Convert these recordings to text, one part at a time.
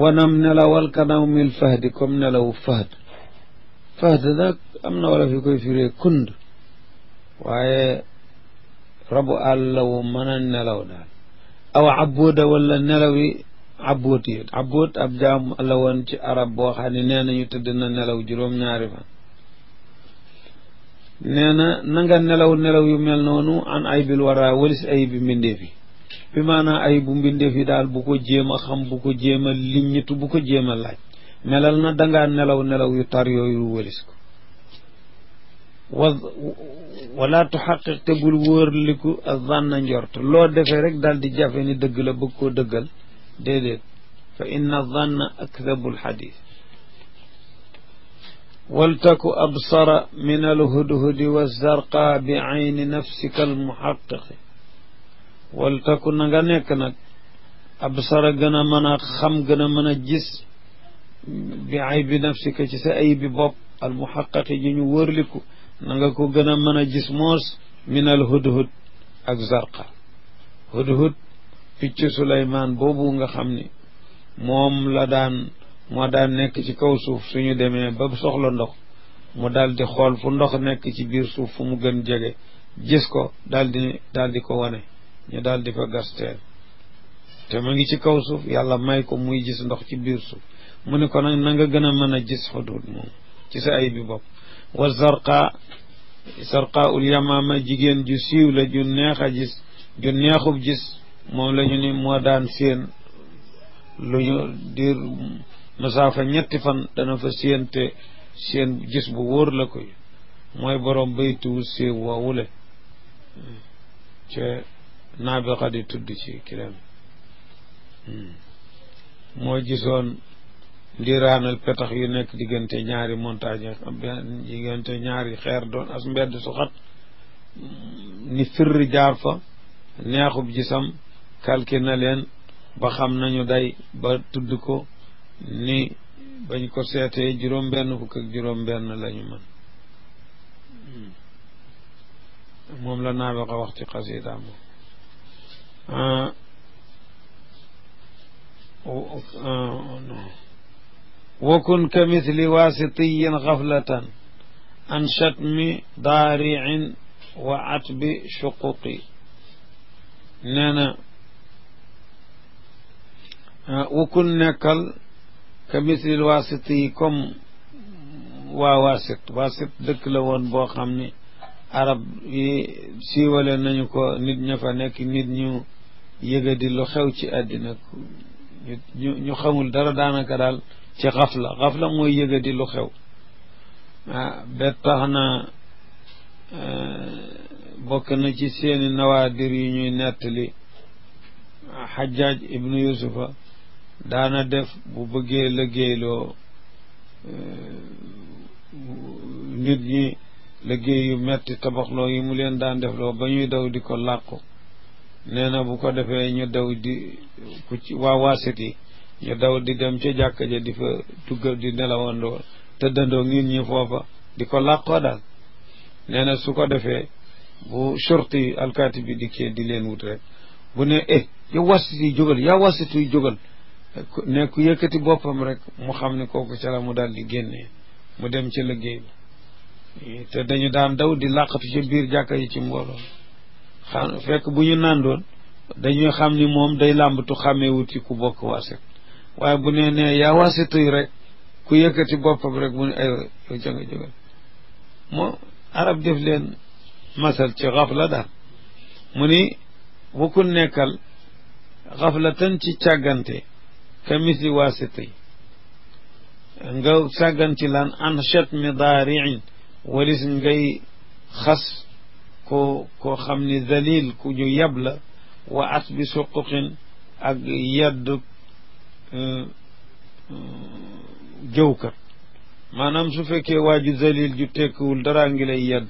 wanam nelawal kanaw mil fahdi comme nelawu fahd fahd nag am na wala fi koy firee kund waaye rabu àll wu mën a nelaw daal aw abbooda wala nelawi abboot yi abboot ab jaam ci arab boo xam ne nee tëdd na nelaw juróom-ñaari na na nelaw nelaw yu mel noonu an ay bil walis ay mbindee fi bi maanaa ay bu mbindeef yi daal bu ko jéem a xam bu ko jéem a liññitu bu ko jéem a laaj melal na dangaa nelaw nelaw yu tar yooyu wëlis ko wa wala tuxaqiq te bul wóorliku zanna njort loo defee rek daal di jafe ni dëgg la bëgg koo dëggal déedéet fa inna zanna akdabul xadis waltaku absara min alhudhudi wa zarqa bi ayni nafsika almuxaqiqi wal takku na nga nekk nag absara gën a mën a xam gën a mën a gis bi ay bi nafsika ci sa ay bi bopp al muxaqaqi ji ñu wërliku na nga ko gën a mën a gis moos min al hudhud ak zarqa hudhud picc suleymaan boobu nga xam ni moom la daan moo daan nekk ci kaw suuf suñu demee ba soxla ndox mu daal di xool fu ndox nekk ci biir suuf fu mu gën jege gis ko daal di daal di ko wane ñu daal di ko gasteel te mu ngi ci kaw suuf yàlla may ko muy gis ndox ci biir suuf mu ne ko nanga gën a mën a gis xudud moom ci sa ay bi bopp wa zarqa sarqa ul yamaama jigéen ju siiw la ju neex a gis ju neexub gis moom la ni moo daan séen lu ñu diir masaafa ñetti fan dana fa séente séen gis bu wóor la koy mooy borom baytuwu siiw woowule ce naabixa di tudd ci kiram hmm. moo gisoon ndiiraanal petax yu nekk diggante ñaari montagne diggante ñaari xeer doon as mbedd su xat ni firr jaar fa neexub gisam kalki na leen ba xam nañu day ba tudd ko ni bañ ko seetee juróom benn fukk ak juróom benn lañu mën hmm. moom la naabixa wax ci xasiidaam wakun ka misli waasitiyin xaflatan an chatmi daariin wa atbi shuquqi nee na wakun nekkal ka misli waasiti yi comme waa waasit waasit dëkk la woon boo xam ni arab yi siiwale nañu ko nit ña fa nekk nit ñu di lu xew ci àddina ñu ñu xamul dara daanaka daal ci xafla xafla mooy yëgadi lu xew ah tax na eh, bokk na ci seeni nawaadir yu ñuy nettali xajaaj ibnu yusufa daana def bu bëggee liggéeyloo eh, nit ñi liggéey yu metti tabaxloo yi mu leen daan def loo ba ñuy daw di ko làqu nee na bu ko defee ñu daw di ku ci waa waasit yi ñu daw di dem ca jàkka ja di fa tuggal di nelawandoo tëddandoo nit ñi foofa di ko làqoo daal nee na su ko defee bu short alkaati bi dikkee di leen wut rek bu ne eh yow waasit yi jógal yaa waasit yi jógal ne ku yëkkati boppam rek mu xam ne kooku ca la mu daal di génnee mu dem ca liggéey bi te dañu daan daw di làqatu ci biir jàkka yi ci mbooloo xam fekk bu ñu nàndoon dañuy xam ni moom day làmbatu xàmmeewut ci ku bokk waaset waaye bu nee nee yaa waasetuy rek ku yëkkati boppam rek mu ne ay yow ci xafla daal mu ni nekkal ku nekkal ci càggante ka misli waasetuy nga càggan ci lan anchet mi daariin walis ngay xas ko koo xam ni dalil ku ñu yab la wa at bi suquqin ak yaddu euh, euh, jëwkat maanaam su fekkee waa ju dalil ju tekkiwul daraa ngi lay yedd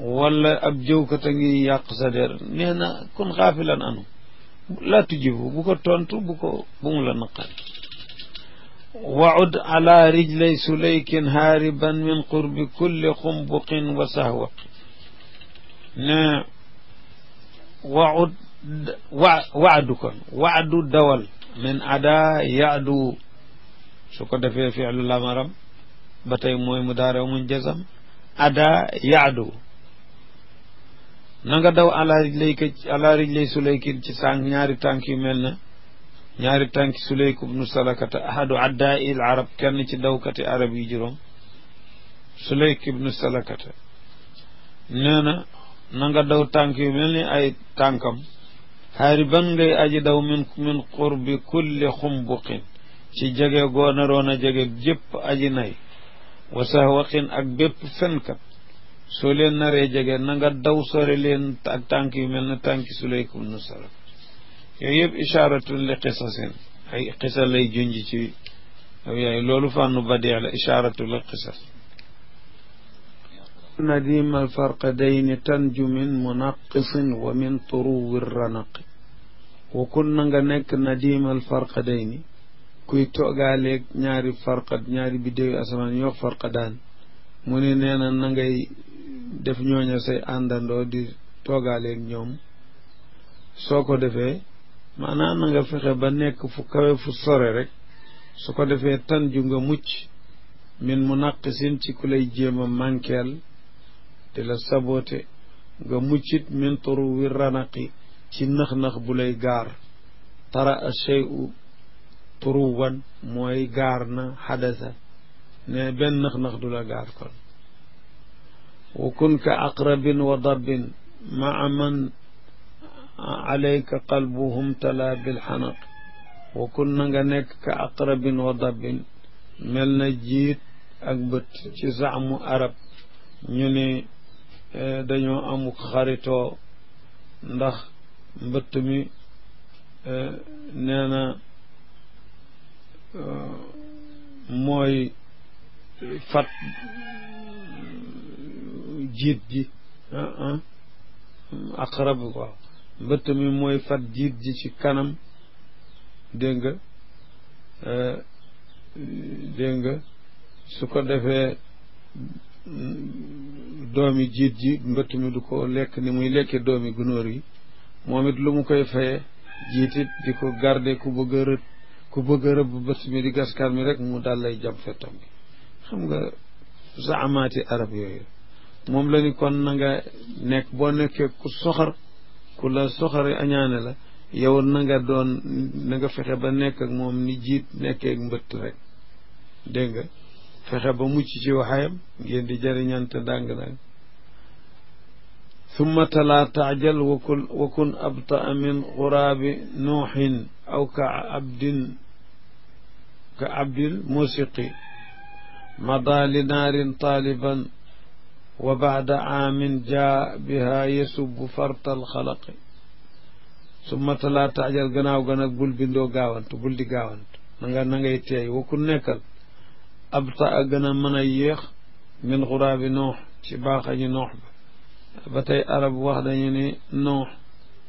wala ab jëwkat a ngi yàq sa der nee na kon xaafilan anu laa tujibu bu ko tontu bu ko bu mu la naqari wacud ala rijlay suleykin haariban min qurbi kulli xumbuqin wa sahwa ne wacud wa wacdu kon wacdu dawal min ada yacdu su ko defee fiilu lamaram ba tey mooy mudaare muñ jësam ada yacdu na nga daw ala rijlay ala rijlay suleykin ci sànq ñaari tànk yu mel na ñaari tànki suleyk bnu salakata ahadu addaai l arab kenn ci dawkati arab yi juróom suleyk ibnu salakata nee na na daw tànk yu mel ni ay tànkam xaari ban ngay aji daw min min qurbi kulli xumbuqin ci jege goonaroon a jege jépp aji nay wa sahwaqin ak bépp fenkat soo leen naree jege nanga daw sore leen ak tànk yu mel ni tànki suleyk bnu salakata yooyu yëpp isharatun li qisasin ay qisa lay junj ci yooyu loolu fànnu badix la isharatu li qisas nadim alfarqadayni tanju min munaqisin wa min turuwi ranaqi wa kun na nga nekk nadim alfarqadayni kuy toogaaleeg ñaari farqad ñaari biddéewi asamaan yoo farqadaan mu ne nee na def ñooña say àndandoo di toogaaleeg ñoom soo ko defee maanaam na nga fexe ba nekk fu kawe fu sore rek su ko defee tan ju nga mucc min mu naqisin ci ku lay jéem a mànkeel di la saboote nga muccit min turu wi ranaqi ci nax-nax bu lay gaar tara a chey u turuwan mooy gaar na xadasa ne benn nax-nax du la gaar kon wa kun ka aqrabin wa dabbin maa man alayka qalbuhum tala bilxanaq wa kun na nga nekk ka aqrabin wa dabbin mel na jiit ak bët ci zamu arab ñu ni e, dañoo amuk xaritoo ndax mbëtt mi e, nee na e, mooy fat jiit ji ah, ah, aqrab waaw mbëtt mi mooy fat jiit ji ci kanam dégg nga euh, dégg nga su ko defee mm, doomi jiit ji mbëtt mi du ko lekk ni muy lekke doomi gunóor yi moom it lu mu koy faye jiitit di ko garde ku bëgg a rëb ku rëbb mbëtt mi di gaskar mi rek mu dal lay jam fettam bi xam nga zaamaati arab yooyu moom la kon na nekk boo nekkee ku soxor ku la soxore añaane la yow nanga nga doon na nga fexe ba nekk moom ni jiit nekkee ak mbëtt rek dégg nga fexe ba mucc ci di jëriñante dàng nag summa talaa taajal wakun wakun abtaa min xuraabi nuuxin aw ka abdin ka abdil musiqi madaali naarin wa baada aamin jaa biha yasubbu fartal xalaqi summa talaa taajal gannaaw ga nag bul bindoo gaawantu bul di gaawantu na nga na ngay teey wa ku nekkal abta a gën a mën a yéex min xuraabi noox ci baaxañu noox ba ba tey arab wax dañu ni noox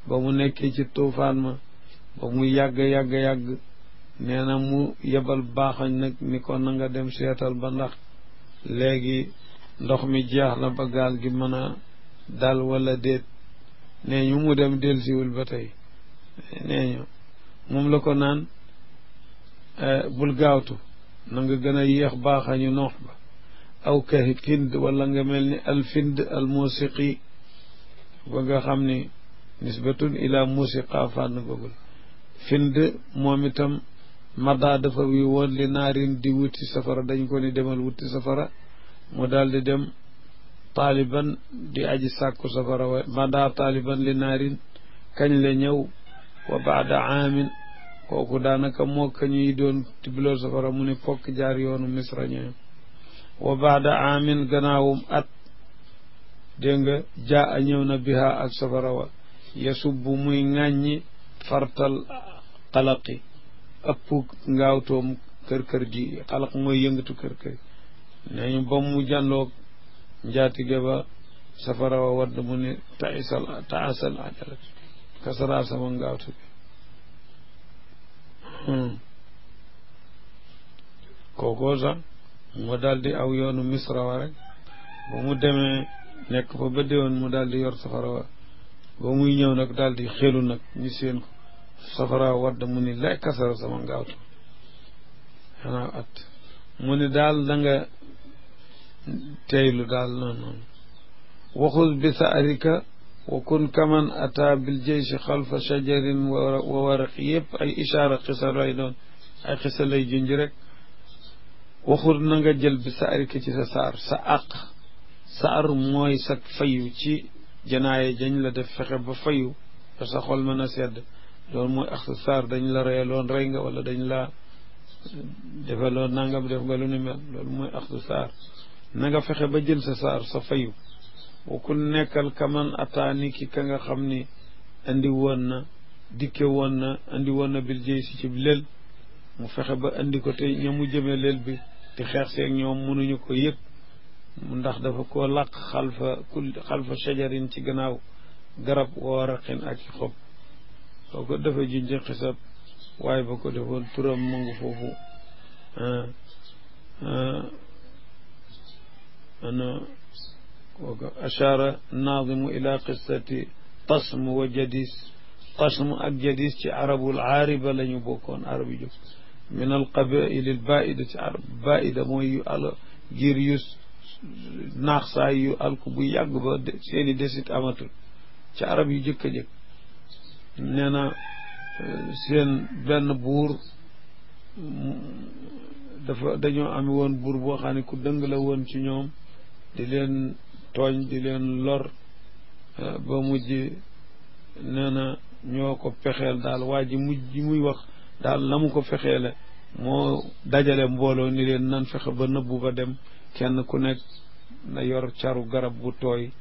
ba mu nekkee ci tuufaan ma ba mu yàgg-yàgg-yàgg nee na mu yebal baaxañ nag ni ko na nga dem seetal ba ndax léegi ndox mi jeex na ba gaal gi mën a dal walla déet nee ñu mu dem delsiwul ba tey nee ñu moom la ko naan eh, bul gaawtu na nga gën a yéex baaxañu noox ba aw kahi kind wala nga mel ni alfind al musiqi ba nga xam ni nisbatun ila musiqa fànn googul find moom itam madaa dafa wi woon li naarin di wuti safara dañ ko ni demal wuti safara mu daal di dem taaliban di aji sàkku safara mada taaliban li naarin kañ la wa baada aamin kooku daanaka moo ka doon tibloo safara mu ne fokk jaar yoonu misra ñooy wa baada aamin gannaawum at dégg nga jaa a na biha ak safara wa yasubbu muy ŋàññi fartal xalaqi ëpp ngaawtoom kër kër ji xalaq mooy yëngatu kër kër neñu ba mu jàlloog njaatige ba safara wa wadd mu ne taisal taasal ajalat kasaraa sama ngaawtu bi hmm. kookoo mu daal aw yoonu misra wa rek ba mu demee nekk fa ba déwoon mu daal yor safara wa ba muy ñëw nag daal di xelu ñu séen ko safara wadd mu ni lay kasara sama ngaawtu mu ni daal da teylu daal noonu noonu bi saarika wa kun kaman ata bil jeysi xalfa shajarin wa waraq yëpp ay ishaara xisa lay doon ay xisa lay junj rek waxul na jël bi saarika ci sa saar sa àq saar mooy sa fayu ci janaaye jañ la def fexe ba fayu ba sa xol mën a sedd loolu mooy ak saar dañ la reyaloon rey nga wala dañ la defaloon nangam def nga lu ni mel loolu mooy ak saar nanga fexe ba jël sa saar sa fayu wa ku nekkal kaman ataani ki ka nga xam ni andi woon na dikke woon na andi woon na bil jëy si ci lël mu fexe ba indi ko te ña mu jëme lël bi di xeex seeg ñoom mënuñu ko yëg ndax dafa ko làq xalfa kul xalfa shajarin ci gannaaw garab woo raqin ak i xob soo ko dafa junje xisab waaye ba ko defoon turam mu foofu ah, ah, أنا أشار الناظم إلى قصة طسم وجديس طسم الجديس عرب العاربة لن يبوكون عربي جو من القبائل البائدة عرب بائدة موي على جيريوس naax saa yu alku bu yàgg ba seeni desit amatul ci arab yu jëkk a jëkk euh, seen benn buur dafa dañoo ame woon buur boo ku dëng woon ci ñoom di leen tooñ di leen lor eh, ba mujj nee na ñoo ko fexeel daal waa ji mujj muy wax daal na mu ko fexeele moo dajale mbooloo ni leen nan fexe ba nëbbu ba dem kenn ku nekk na yor caru garab bu tooy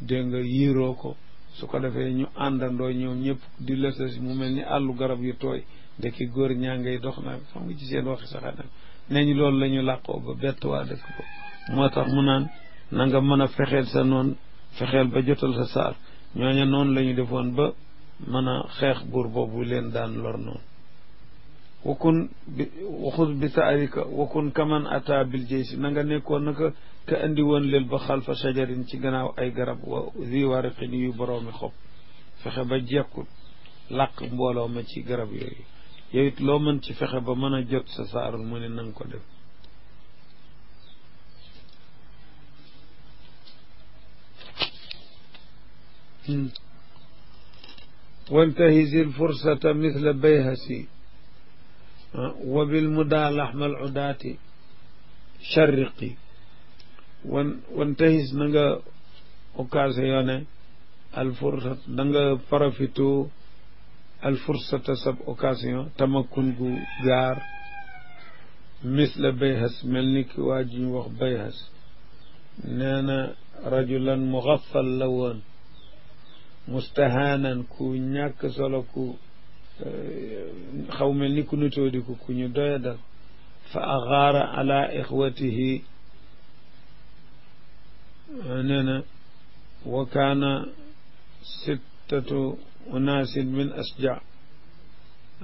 dégg nga yiiroo ko su ko defee ñu àndandoo ñoom ñëpp di lësës mu mel ni àllu garab yu tooy ndekki góor ñaa ngay dox nag xam nga ci seen waxi saxaanam nee ñu loolu lañu ñu làqoo ba bett waa dëkk ko moo tax mu naan na nga mën a fexeel sa noon fexeel ba jotal sa saar ñooña noonu la ñu defoon ba mën a xeex buur boobu leen daan lor noonu wakun bi waxud kaman ata bil jaysi na nga nekkoon nag ka andi woon leel ba xalfa shajarin ci gannaaw ay garab wa ziwariqin yu boroomi xob fexe ba jekkul làq mbooloo ma ci garab yooyu yow loo mën ci fexe ba mën a jot sa saarul mu ne na nga ko def وانتهز الفرصة مثل بيهسي وبالمدى لحم العداة شرقي وانتهز نغا أوكازيون الفرصة نغا فرفتو الفرصة سب أوكازيون تمكن جار مثل بيهس ملنك واجي وخ بيهس نانا رجلا مغفل لون mustahaanan ku ñàkk solo ku eh, xaw mel ni ku nutóodiku ku ñu doyadal fa axaara ala ixwatihi eh, nee na wa kaana sittatu unaasin min asja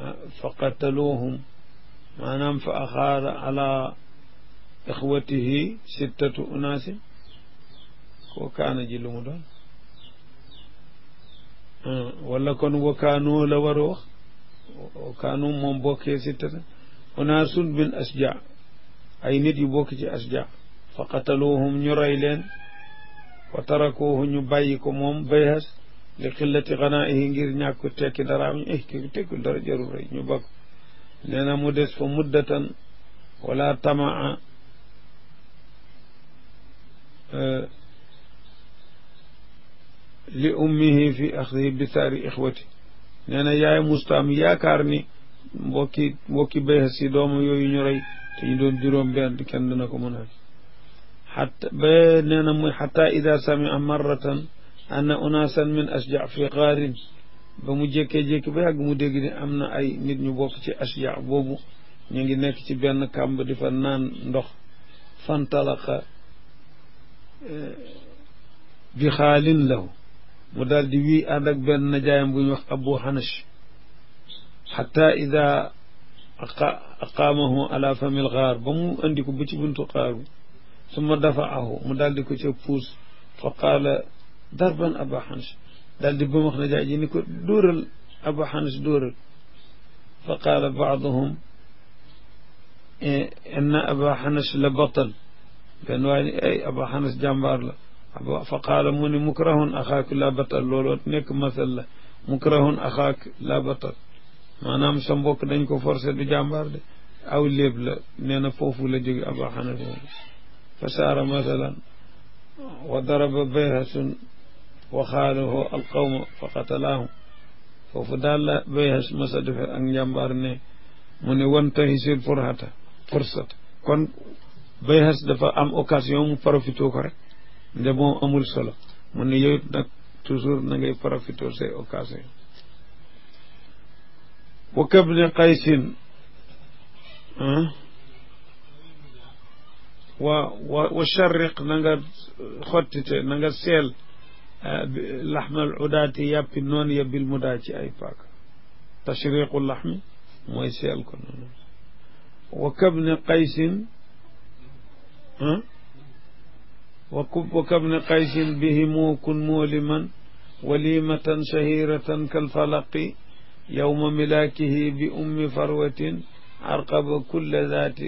eh, fa qataluuhum maanaam fa axaara ala ixwatihi sittatu unaasin wa kaana ji lu mu doon wala kon wakaanu la war a wax wakaanu moom si tata unaasun min asja ay nit yu bokk ci asja fa qataluuhum ñu rey leen ñu bàyyi ko moom bayhas li xillati xanaa'ihi ngir ñàkk tekki dara am eh, ki tekkul dara jarul ñu bakk nee mu des fa muddatan wala tamaa eh, li ummihi fi axdihi bisaari ixwati nee na yaay mustaam yaakaar ni mbokki mbokki bayxas si doomam yooyu ñu rey te ñu doon juróom benn kenn dina ko mën a xata ba nee na muy xata ida samia marratan anna unaasan min ashja fi gaarin ba mu jékkee-jékki ba yàgg mu dégg ni am na ay nit ñu bokk ci ashja boobu ñu ngi nekk ci benn kàmb di fa naan ndox fantalaqa eh, bi xaalin lahu mu daal di wii ànd ak benn najaayam bu ñu wax abu xanash xata ida aqaamahu ala famil xaar ba mu andi ko ba ci buntu xaaru suma dafaahu mu daal di ko ca puus fa qaala darban aba xanash daal di ba wax najaay ji ni ko dóoral aba xanash dóoral fa qaala baaduhum inna aba xanash la batal benn waaye ni ay aba xanash jàmbaar la fa qaala mu ni mukrahun axaak la batal looloo nekk masal la mukrahun axaak la batal maanaam sa mbokk dañ ko forcé du jàmbaar de aw léeb la nee na foofu la jóge aba xanafi fa saara masalan wa daraba bayhasun wa xaalahu alqawma fa qatalaahu foofu daal la bayhas masa defe ak njàmbaar ne mu ne wan tahisil furhata fursat kon bayhas dafa am occasion mu profité ko rek nde bon amul solo mu ne yow nag toujours na ngay profiter say occasion wa kabni qaysin ah, wa wa wa charriq na nga xottite na nga seel ah, laxmal udaati yàppi noonu ya bil mudaa ci ay paaka tashriqu laxmi mooy seel ko noonu wa kabni qaysin ah, wa kabni qaysin bihimu kun muliman walimatan shahiratan kalfalaqi yowma milaakihi bi ummi farwatin arqaba kulla zaati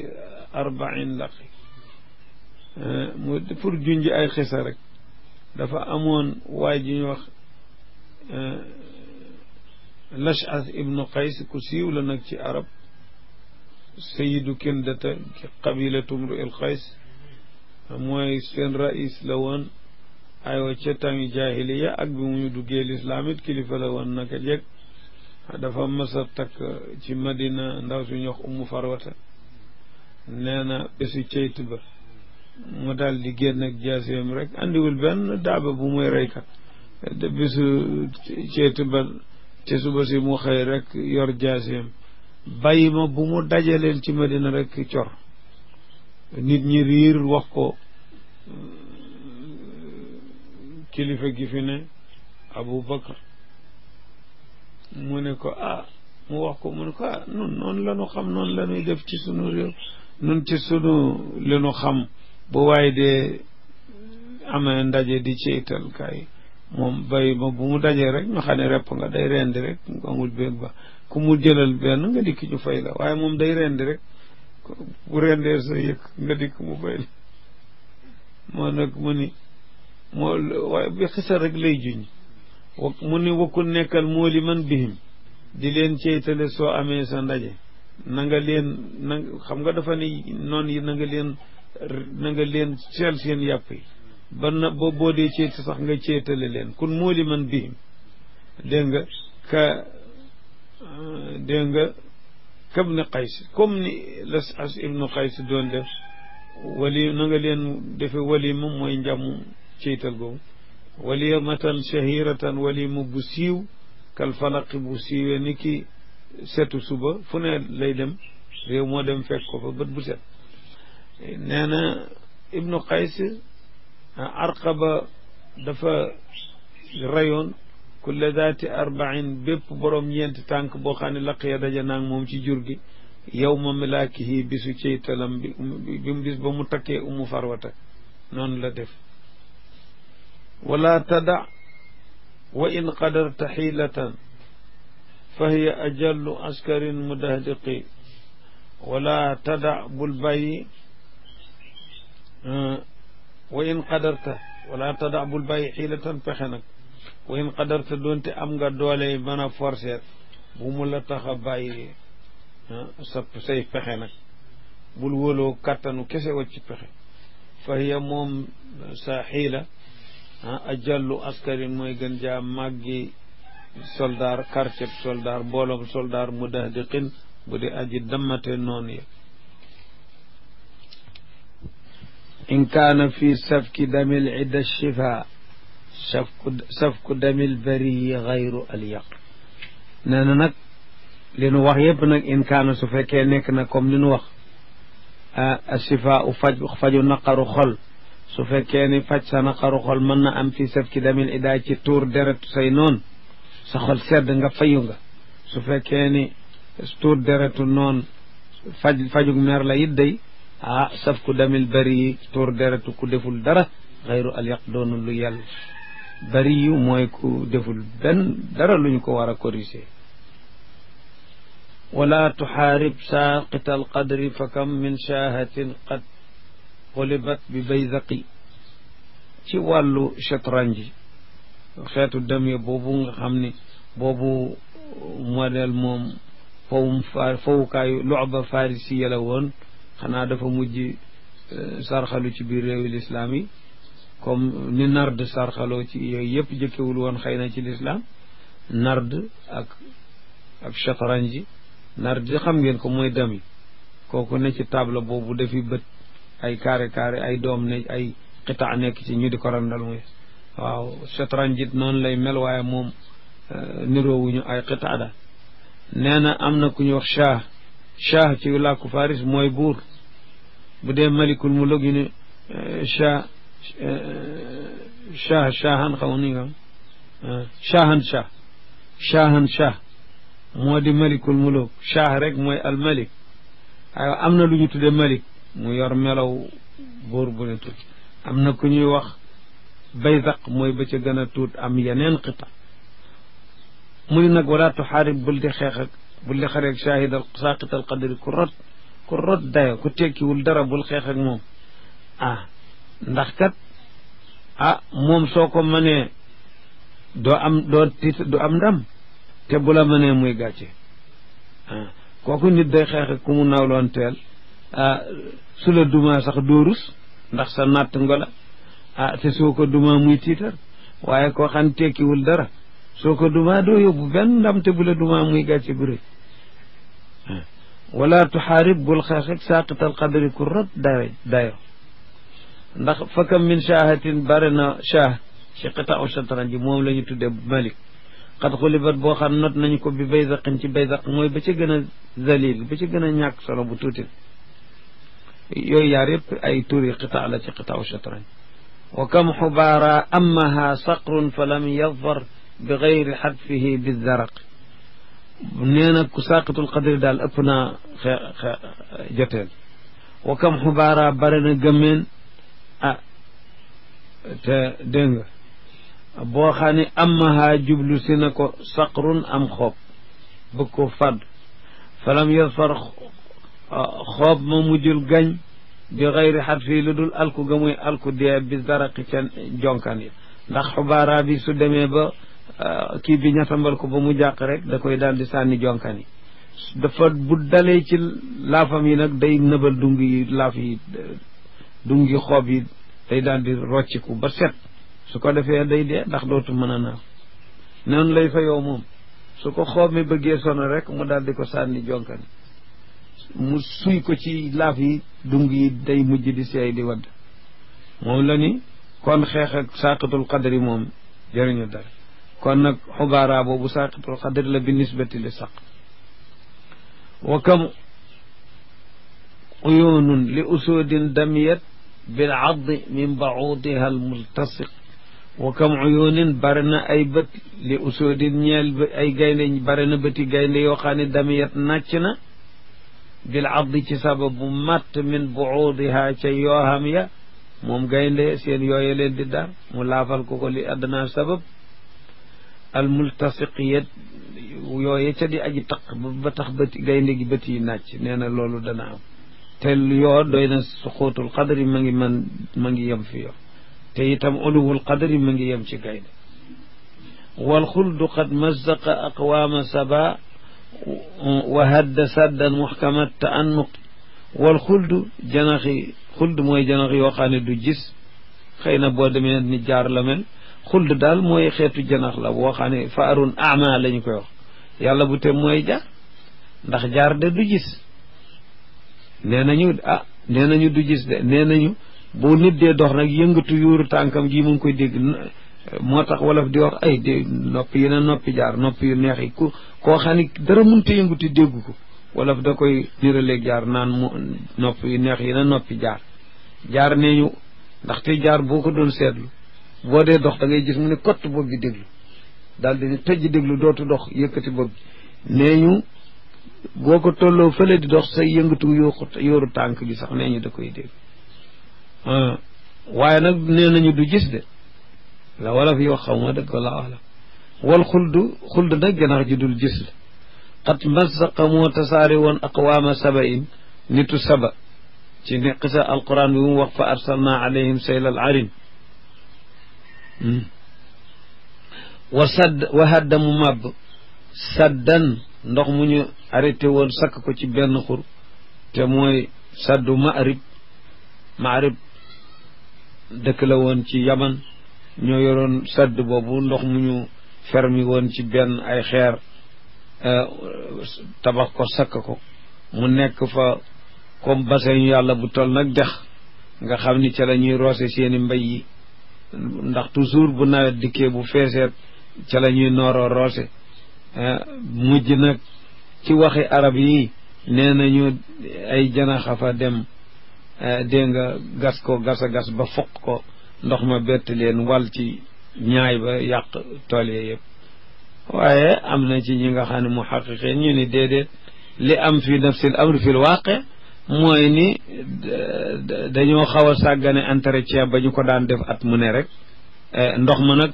arbain laqi eh, mu pour junj ay xisa rek dafa amoon waay ji ñu wax eh, lashas ibnu qays ku siiw la nag ci arab sayidu kindata ci qabilatu mru il qays mooy seen rais la woon aywa ca tami jaahiliya ak bi mu ñu duggee lislaam kilifa la woon naka jekk dafa mas takk ci madina ndaw suñu wax umu farwata nee na bésu ceyt ba mu daal di génn ak jaaseem rek indiwul benn daaba bu muy reykat de bésu ceyt ba te suba si mu xëy rek yor jaaseem bàyyi ma bu mu dajaleel ci madina rek cor nit ñi riir wax ko kilifa gi fi ne Abu Bakar mu ne ko ah mu wax ko mu ne ko ah nun noonu la ñu xam noonu la ñuy def ci sunu réew nun ci sunu li ñu xam bu waaye de amee ndaje di ceytal kay moom bay ma bu mu dajee rek ñu xam ne nga day rendi rek amul benn ba ku mu jëlal benn nga dikk ñu fay waaye moom day rendi rek bu rendeer sa yëkk nga dikk mu la moo nekk mu ni moo waaye bi xisa rek lay juñ wa mu ni wakkul nekkal moo li man bihim di leen ceytale soo amee sa ndaje na nga leen na xam nga dafa ni noon leen na nga leen seel seen yàpp yi ba na boo dee ceyta sax nga ceytale leen kun moo li man bihim dégg nga ka kab ni qays comme ni lasas ibnu qays doon def wali na nga leen defe walima mooy njàmm ceytal googu walimatan shahiratan walima bu siiw kal falaqi bu siiwee ni ki setu suba fu ne lay dem réew moo dem fekk ko fa bët bu set nee na ibnu qays arqaba dafa rayoon kulle zaati arbain bépp borom ñeenti tànk boo xam ne laq ya daje moom ci jur gi yow ma milaakihi bisu ceytalam um, bi bi mu bis ba mu takkee umu farwata la def wala tada wa in qadarta xiilatan fa hiya ajallu askarin mudahdiqi wala tada bul bàyyi uh, in qadarta wala tada bul bàyyi xiilatan pexe nag wa in qadarta doonte am nga doole mën a forcer bu mu la tax a bàyyi sa say pexe nag bul wóoloo kàttanu kese wa ci pexe fa hiya moom sa xiila ajallu askarin mooy gën jaa màggi soldaar karceb soldaar mbooloom soldaar mu dax di xin bu di aji dammate noonu ya in kaana fi safki damil idda shifa safku safku damil bariyi xayru alyaq nee na nag li nu wax yépp nag in kaana su fekkee nekk na comme li nu wax a sifa u faj faju naqaru xol su fekkee ni faj sa naqaru xol mën na am fii saf ki damil idaay ci tuur deretu say noon sa xol sedd nga fayu nga su fekkee ni tuur deretu noon faj fajug mer la it day ah saf ku damil bari yi tuur deretu ku deful dara xayru alyaq doonu lu yàlla bari yu mooy ku deful benn dara luñ ko war a corriger wala tuxaarib saaqita alqadri fa kam min shaahatin qad xulibat bi baydaqi ci wàllu chatranji xeetu demye boobu nga xam ni boobu modèle moom fawum fa fawukaayu loba farisiya la woon xanaa dafa mujj eh, sarxalu ci biir réewi lislaam yi comme ni nard sarxaloo ci yooyu yëpp jëkkewul woon xëy na ci lislaam nard ak ak chataranji di xam ngeen ko mooy dami kooku ne ci table boobu dafi bët ay carré carré ay doom ne ay xitaa nekk ci ñu di ko randal muy waaw chataranji noonu lay mel waaye moom euh, niroowuñu ay xitaa daal nee na am na ku ñu wax shah shah ci làkku faris mooy buur bu dee malikul muluk ñu ne euh, shah شاه shahan xaw ni nga shahan shah shahan shah moo di malikul muluk shah rek mooy al malik waaye am na lu ñu tudde malik mu yor melaw buur bu ne tuut am na ku ñuy wax bayzaq mooy ba ca gën a tuut am yeneen xita mu ni nag walaa tuxaarib bul di xeex ak bul di xareeg shahid al saqit al qadri ku rot ku rot dayo ku tekkiwul dara bul xeex ak moom ah ndax kat ah moom soo ko mënee doo am doo tiit du am ndam te bu la mënee muy gàcce ah kooku nit day xeex ak ku mu nawloon teel ah, su la dumaa sax doo rus ndax sa natt ngo la ah te soo ko dumaa muy tiitar waaye koo xam tekkiwul dara soo ko dumaa doo yóbbu benn ndam te bu la dumaa muy gàcce bu rëy ah, wala tuxaarib bul xeex ak saaqit al qadari ku rot dayo ndax faka min shaahatin bare na shaah ci qitaaw shatranji moom la ñu tuddee malik xat xulibat boo xam not nañu ko bi bayzaqin ci bayzaq mooy ba ci gën a zalil ba ci gën a ñàkk solo bu tuuti yooyu yaar yëpp ay turi qitaa la ci qitaaw shatranj wa kam xubaara amaha saqrun fa lam yadfar bi gayri xatfihi bidaraq nee na ku saaqitul qadri daal ëpp naa xe joteel wa kam xubaara bare na gëmmeen ah te dégg nga boo xam ne amahaa jublu si na ko saqrun am xoob bëgg ko fàdd falam yasfar xoob ma mujjul gañ bi xayri xat fii lu dul alku ga muy alku dee bi daraqi ca jonkan yi ndax xubaara bi su demee ba ah, kii bi ñatambal ko ba mu jàq rek da koy daal di sànni jonkan yi dafa bu dalee ci laafam yi nag day nëbal dung yi laaf yi dungi xoob yi day daal di rocciku ba set su ko defee day dee ndax dootu mën a naaw noonu lay fayoo moom su ko xob mi bëggee sono rek mu daal di ko sànni jonkan mu suy ko ci laaf yi dung yi day mujj di seey di wadd moom la ni kon xeex ak saaqitul qadri moom jëriñu dara kon nag xubaara boobu saaqitul qadri la bi nisbati li saq wa kam uyunun li usuudin damiyat bilcaddi min bacuudiha almultasiq wa kam uyuunin bare na ay bët li usoodin ñeel ay gaynde bare na bëti gaynde yoo xam ne damiyat nàcc na bilcaddi ci sabab bu matt min bucuudiha ca yooham ya moom gaynde seen yooye leen di daar mu laafal ko ko li adnaa sabab almultasiq ya yooye ca di aji taq ba tax bëti gaynde gi bët yi nàcc nee na loolu dana am te yoo doy na suxuutul xadri ma ngi man ma ngi yem fi yow te itam uluwul xadri ma ngi yem ci gaynde wal xuldu qad mazzaqa aqwaama saba wa hadda saddan muxkamat taannuq wal xuldu janaxi xuld mooy janax yoo xam ne du gis xëy na boo demee ni jaar la mel xuld daal mooy xeetu janax la boo xam ne faarun ama la ñu koy wax yàlla jaar de du gis nee nañu a ah, nee nañu du gis de nee nañu boo nit dee dox nag yëngatu yuuru tànkam ji mu ngi koy dégg moo tax wolof di wax ay dé noppi yi na noppi jaar noppi yu neex yi ku koo xam ni dara mënta yëngatu dégg ko wolof da koy niraleeg jaar naan mu nopp yu neex yi na noppi jaar jaar nee ñu ndaxte jaar boo ko doon seetlu boo dee dox da ngay gis mu ne kott bopp bi déglu daal di tëj déglu dootu dox yëkkati bopp bi nee ñu boo ko tolloo fële di dox say yëngatu yooxu yóoru tànk gi nee ñu da koy dégg ah, waaye nag nee nañu du gis la wala fi wax xaw ma dëgg la wax la wal xuldu nag ganax ji dul gis la tasaare woon aqwaama saba nitu saba ci ne qisa alquran bi wax fa arsalna alayhim sayl hmm. wa sadd wa haddamu saddan ndox mu ñu arrêté woon sakk ko ci benn xur te mooy saddu maarib maarib dëkk la woon ci yaman ñoo yoroon sadd boobu ndox mu ñu fermi woon ci benn ay xeer euh, tabax ko sakk ko mu nekk fa comme bassin yàlla bu toll nag dex nga xam ni ca la ñuy roose seeni mbay yi ndax toujours bu nawet dikkee bu feeseet ca la ñuy nooroo roose Eh, mujj nag ci waxi arab yi nee nañu ay janaxa fa dem eh, dégg nga gas ko gas ba foq ko ndox ma bett leen wal ci ñaay ba yàq tool ya yëpp waaye am na ci ñi nga xam ne mu xaqiqeen ñu ni déedéet li am fi nafsil amri fil waaqe mooy ni eh, dañoo xaw a sàggane entretien ba ñu ko daan def at mu ne rek ndox ma nag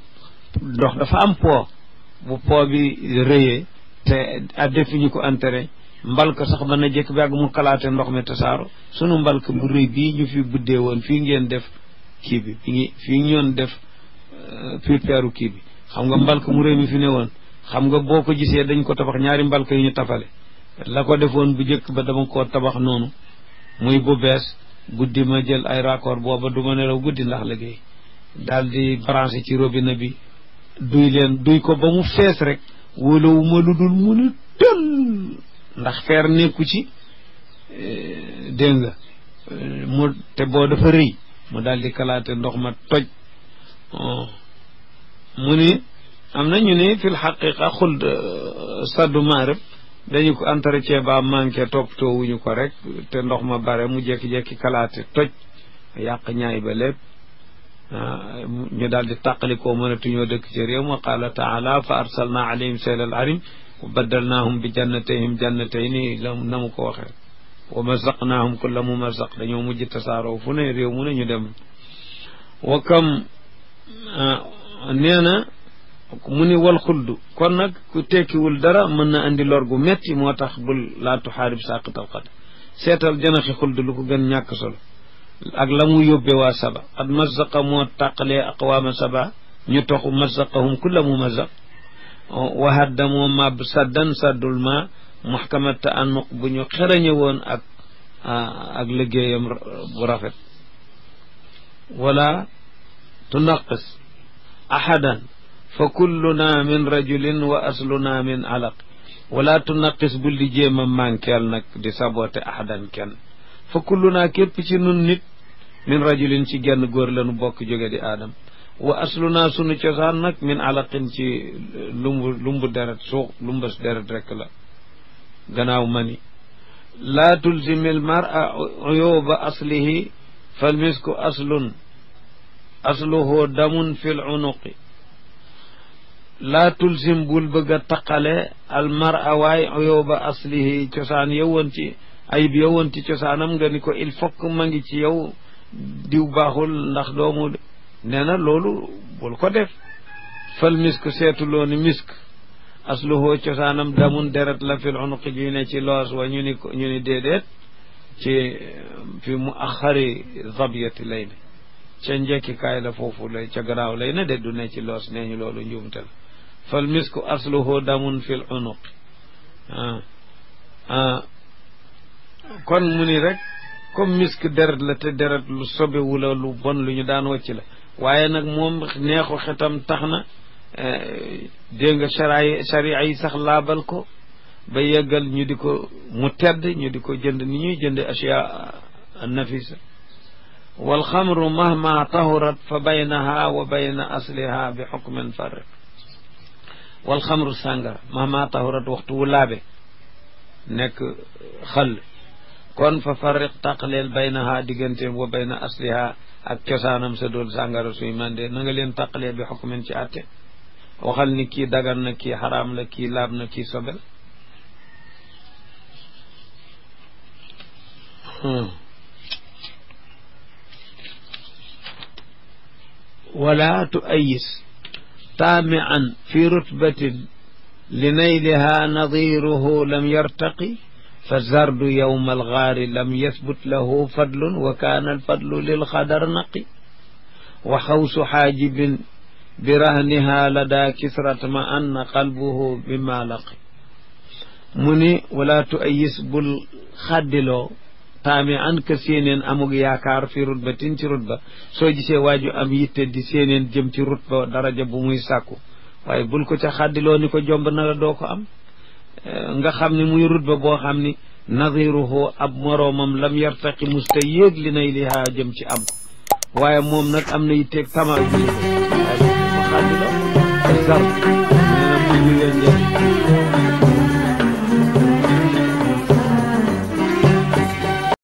ndox dafa am po bu po bi rëyee te def addefuñu ko enterré mbalk sax mën na jëkk bi ak mu kalaate ndox mi tasaaro sunu mbalk bu rëy bii ñu fi buddee woon fii ngeen def kii bi fi ngi fii ñoon def euh, purpeeru kii bi xam nga mbalk mu rëy mi fi ne woon xam nga boo ko gisee dañ ko tabax ñaari mbalk yu ñu tafale la ko defoon bu jëkk ba dama ko tabax noonu muy bu bees guddi ma jël ay raccord booba du ma nelaw guddi ndax liggéey daal di branché ci robinet bi duy leen duy ko ba mu fees rek wóolowu lu dul mu ni tël ndax feer nekku ci eh, dégg nga eh, mu te boo dafa rëy mu daal di kalaate ndox ma toj oh. mu ni am na ñu ne fil xaqiqa xuld eh, saddu maarab dañu ko entretien ba manqué toppatoo wuñu ko rek te ndox ma bare mu jekki-jekki kalaate toj yàq ñaay ba lépp Euh, ñu daal di tàqalikoo mënatuñoo dëkk ci réew ma qaala taala fa arsalna alayhim sayl al arim wa baddalnaahum bi jannatayhim jannatayni la na mu ko waxee wa mazaqnaahum kulla mumazzaq dañoo mujj tasaaroo fu ne réew mu ne ñu dem wa kam euh, nee na mu ni wal xuldu kon nag ku tekkiwul dara mën na andi lor gu metti moo tax bul laa tuxaarib saqatal xad seetal janaxi xuldu lu ko gën ñàkk solo ak la mu yóbbe waa saba ak mazaqa moo tàqalee aqwaama saba ñu toxu mazaqahum kulla mu mazaq wahadda moo màbb saddan saddul ma muhkamat ta anuq bu ñu xerañe woon ak ak liggéeyam bu rafet wala tunaqis ahadan fa kulluna min rajulin wa asluna min alaq wala tunaqis bu lijéema manqueel nag di saboté ahadan kenn fa kullunaa képp ci nun nit min rajulin ci genn góor lanu bokk jóge di aadam wa aslunaa sunu cosaan nag min alaqin ci lumbu lumbu deret suux lumbas deret rekk la gannaaw mani laa tulzimil mar'a uyuba aslihi fal misku aslun asluhu damun fil unuqi laa tulzim bul bëgg a taqale al mar'a waay uyuba aslihi cosaan yëwoon ci ay yowoon ci cosaanam nga ni ko il faut que ma ngi ci yow diw baaxul ndax doomu nee na loolu bul ko def fal misk seetuloo ni misk asluhoo cosaanam damun deret la fil unuqi ji ne ci loos wa ñu ni ñu ni déedéet ci fi mu axari zabiyati lay ne ca njekkikaay la foofu lay ca ganaaw lay ne de ne ci loos nee ñu loolu njuumte la fal misku asluhu damun fil unuq ah ah kon mu ni rek comme misk deret la te deret lu sobewu la lu bon lu ñu daan wàcc la waaye nag moom neexu xetam tax na eh, dégg nga charia charia yi sax laabal ko ba yeggal ñu di ko mu tedd ñu di ko jënd ni ñuy jënd asiya eh, nafisa walxamru mahma tahurat fa baynaha wa bayna asliha bi xukmin farriq walxamru sàngara mahma tahurat waxtu wu laabe nekk xal kon fa farriq tàqaleel baynaha digganteem wa bayna asliha ak cosaanam sa doon sàngara suy mande na nga leen tàqalee bi xukmin ci àtte waxal ni kii dagan na kii xaraam la kii laab na kii sobel hmm. wala tu ayis taamian fi rutbatin li nayliha nadiruhu lam yartaqi fa zardu yowma alxaari lam yasbut lahu fadlun wa kaana alfadlu lilxadar naqi wa xawsu xaajibin bi rahniha lada kisrat ma anna qalbuhu bi maalaqi mu ni wala tu ayis bul xaddiloo taami an ka séeneen amug yaakaar fi rutbatin ci rutba soo gisee waaju am yitte di séeneen jëm ci rutba daraja bu muy sàkku waaye bul ko ca xaddiloo ni ko jomb na la doo ko am nga xam ni muy rutba boo xam ni nadiruhu ab moroomam lam yartaqi musta yéeg li nay lihaa jëm ci am ko waaye moom nag am na yitteeg tama ji ko